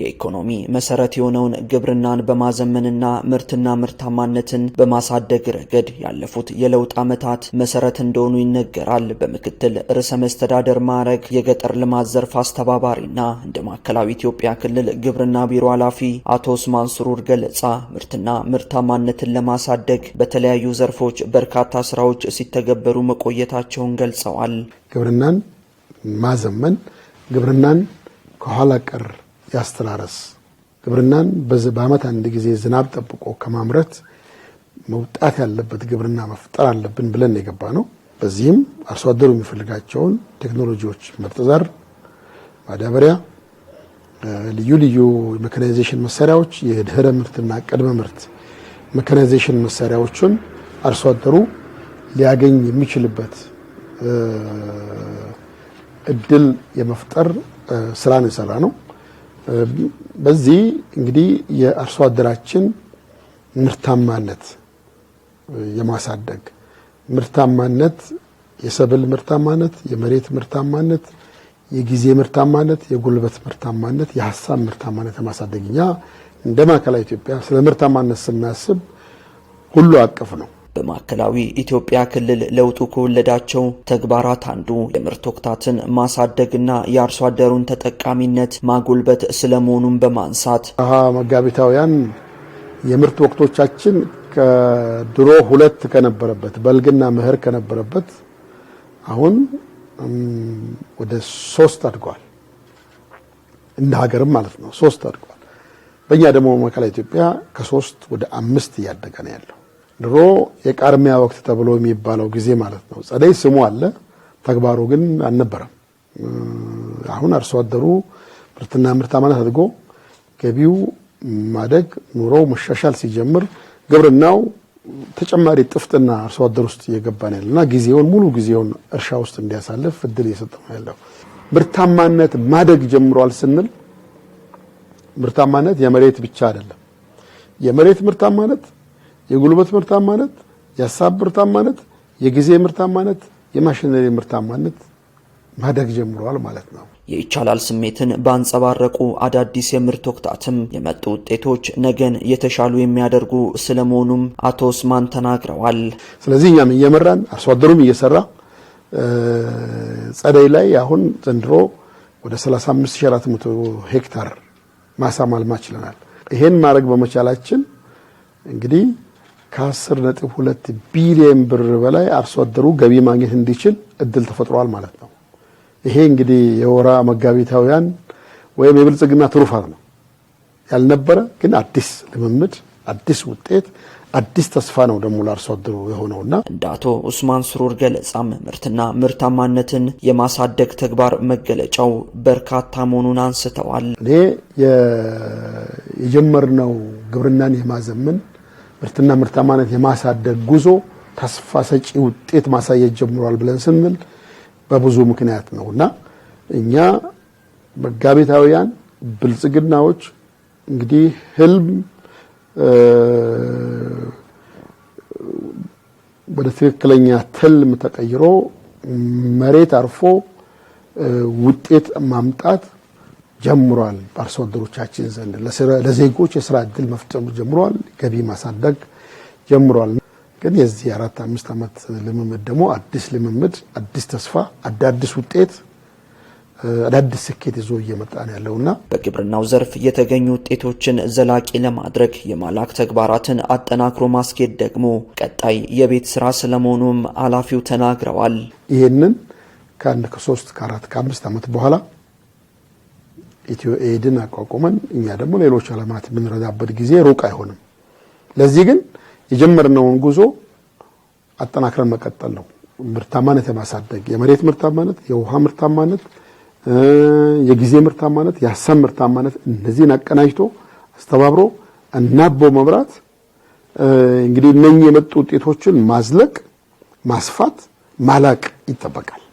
የኢኮኖሚ መሰረት የሆነውን ግብርናን በማዘመንና ምርትና ምርታማነትን በማሳደግ ረገድ ያለፉት የለውጥ ዓመታት መሰረት እንደሆኑ ይነገራል። በምክትል ርዕሰ መስተዳደር ማዕረግ የገጠር ልማት ዘርፍ አስተባባሪና እንደ ማዕከላዊ ኢትዮጵያ ክልል ግብርና ቢሮ ኃላፊ አቶ ኡስማን ስሩር ገለጻ ምርትና ምርታማነትን ለማሳደግ በተለያዩ ዘርፎች በርካታ ስራዎች ሲተገበሩ መቆየታቸውን ገልጸዋል። ግብርናን ማዘመን ግብርናን ከኋላ ቀር ያስተራረስ ግብርናን በዓመት አንድ ጊዜ ዝናብ ጠብቆ ከማምረት መውጣት ያለበት ግብርና መፍጠር አለብን ብለን የገባ ነው። በዚህም አርሶ አደሩ የሚፈልጋቸውን ቴክኖሎጂዎች ምርጥ ዘር፣ ማዳበሪያ፣ ልዩ ልዩ ሜካናይዜሽን መሳሪያዎች፣ የድህረ ምርትና ቅድመ ምርት ሜካናይዜሽን መሳሪያዎችን አርሶ አደሩ ሊያገኝ የሚችልበት እድል የመፍጠር ስራን የሰራ ነው። በዚህ እንግዲህ የአርሶ አደራችን ምርታማነት የማሳደግ ምርታማነት የሰብል ምርታማነት፣ የመሬት ምርታማነት፣ የጊዜ ምርታማነት፣ የጉልበት ምርታማነት፣ የሀሳብ ምርታማነት የማሳደግ እኛ እንደ ማዕከላዊ ኢትዮጵያ ስለ ምርታማነት ስናስብ ሁሉ አቀፍ ነው። በማዕከላዊ ኢትዮጵያ ክልል ለውጡ ከወለዳቸው ተግባራት አንዱ የምርት ወቅታትን ማሳደግና የአርሶ አደሩን ተጠቃሚነት ማጎልበት ስለመሆኑን በማንሳት አሀ መጋቢታውያን የምርት ወቅቶቻችን ከድሮ ሁለት ከነበረበት በልግና ምህር ከነበረበት አሁን ወደ ሶስት አድገዋል። እንደ ሀገርም ማለት ነው ሶስት አድገዋል። በእኛ ደግሞ ማዕከላዊ ኢትዮጵያ ከሶስት ወደ አምስት እያደገ ነው ያለው። ድሮ የቃርሚያ ወቅት ተብሎ የሚባለው ጊዜ ማለት ነው። ጸደይ ስሙ አለ፣ ተግባሩ ግን አልነበረም። አሁን አርሶ አደሩ ምርትና ምርታማነት አድጎ ገቢው ማደግ፣ ኑሮው መሻሻል ሲጀምር ግብርናው ተጨማሪ ጥፍጥና አርሶ አደር ውስጥ እየገባ ነው ያለና ጊዜውን ሙሉ ጊዜውን እርሻ ውስጥ እንዲያሳልፍ እድል እየሰጠ ነው ያለው። ምርታማነት ማደግ ጀምሯል ስንል ምርታማነት የመሬት ብቻ አይደለም። የመሬት ምርታማነት የጉልበት ምርታማነት፣ የሀሳብ ምርታማነት፣ የጊዜ ምርታማነት፣ የማሽነሪ ምርታማነት ማደግ ጀምሯል ማለት ነው። የይቻላል ስሜትን ባንጸባረቁ አዳዲስ የምርት ወቅታትም የመጡ ውጤቶች ነገን የተሻሉ የሚያደርጉ ስለመሆኑም አቶ ኡስማን ተናግረዋል። ስለዚህ እኛም እየመራን አርሶ አደሩም እየሰራ ጸደይ ላይ አሁን ዘንድሮ ወደ 35400 ሄክታር ማሳ ማልማት ችለናል። ይሄን ማድረግ በመቻላችን እንግዲህ ከ ነጥብ ሁለት ቢሊየን ብር በላይ አርሶ አደሩ ገቢ ማግኘት እንዲችል እድል ተፈጥሯል ማለት ነው። ይሄ እንግዲህ የወራ መጋቢታውያን ወይም የብልጽግና ትሩፋት ነው። ያልነበረ ግን አዲስ ልምምድ፣ አዲስ ውጤት አዲስ ተስፋ ነው ደግሞ ለአርሶ አደሩ የሆነውና እንደ አቶ ኡስማን ስሩር ገለጻም ምርትና ምርታማነትን የማሳደግ ተግባር መገለጫው በርካታ መሆኑን አንስተዋል። እኔ የጀመርነው ግብርናን የማዘመን ምርትና ምርታማነት የማሳደግ ጉዞ ተስፋ ሰጪ ውጤት ማሳየት ጀምሯል ብለን ስንል በብዙ ምክንያት ነው እና እኛ መጋቢታውያን ብልጽግናዎች እንግዲህ ህልም ወደ ትክክለኛ ትልም ተቀይሮ መሬት አርፎ ውጤት ማምጣት ጀምሯል። በአርሶ አደሮቻችን ዘንድ ለዜጎች የስራ እድል መፍጠሩ ጀምሯል። ገቢ ማሳደግ ጀምሯል። ግን የዚህ የአራት አምስት ዓመት ልምምድ ደግሞ አዲስ ልምምድ፣ አዲስ ተስፋ፣ አዳዲስ ውጤት አዳዲስ ስኬት ይዞ እየመጣ ነው ያለውና በግብርናው ዘርፍ የተገኙ ውጤቶችን ዘላቂ ለማድረግ የማላክ ተግባራትን አጠናክሮ ማስኬድ ደግሞ ቀጣይ የቤት ስራ ስለመሆኑም ኃላፊው ተናግረዋል። ይህንን ከአንድ ከሶስት ከአራት ከአምስት ዓመት በኋላ ኢትዮ ኤድን አቋቁመን እኛ ደግሞ ሌሎች ዓለማት የምንረዳበት ጊዜ ሩቅ አይሆንም። ለዚህ ግን የጀመርነውን ጉዞ አጠናክረን መቀጠል ነው። ምርታማነት የማሳደግ የመሬት ምርታማነት፣ የውሃ ምርታማነት፣ የጊዜ ምርታማነት፣ የሀሳብ ምርታማነት እነዚህን አቀናጅቶ አስተባብሮ እናቦ መብራት እንግዲህ እነኚህ የመጡ ውጤቶችን ማዝለቅ፣ ማስፋት፣ ማላቅ ይጠበቃል።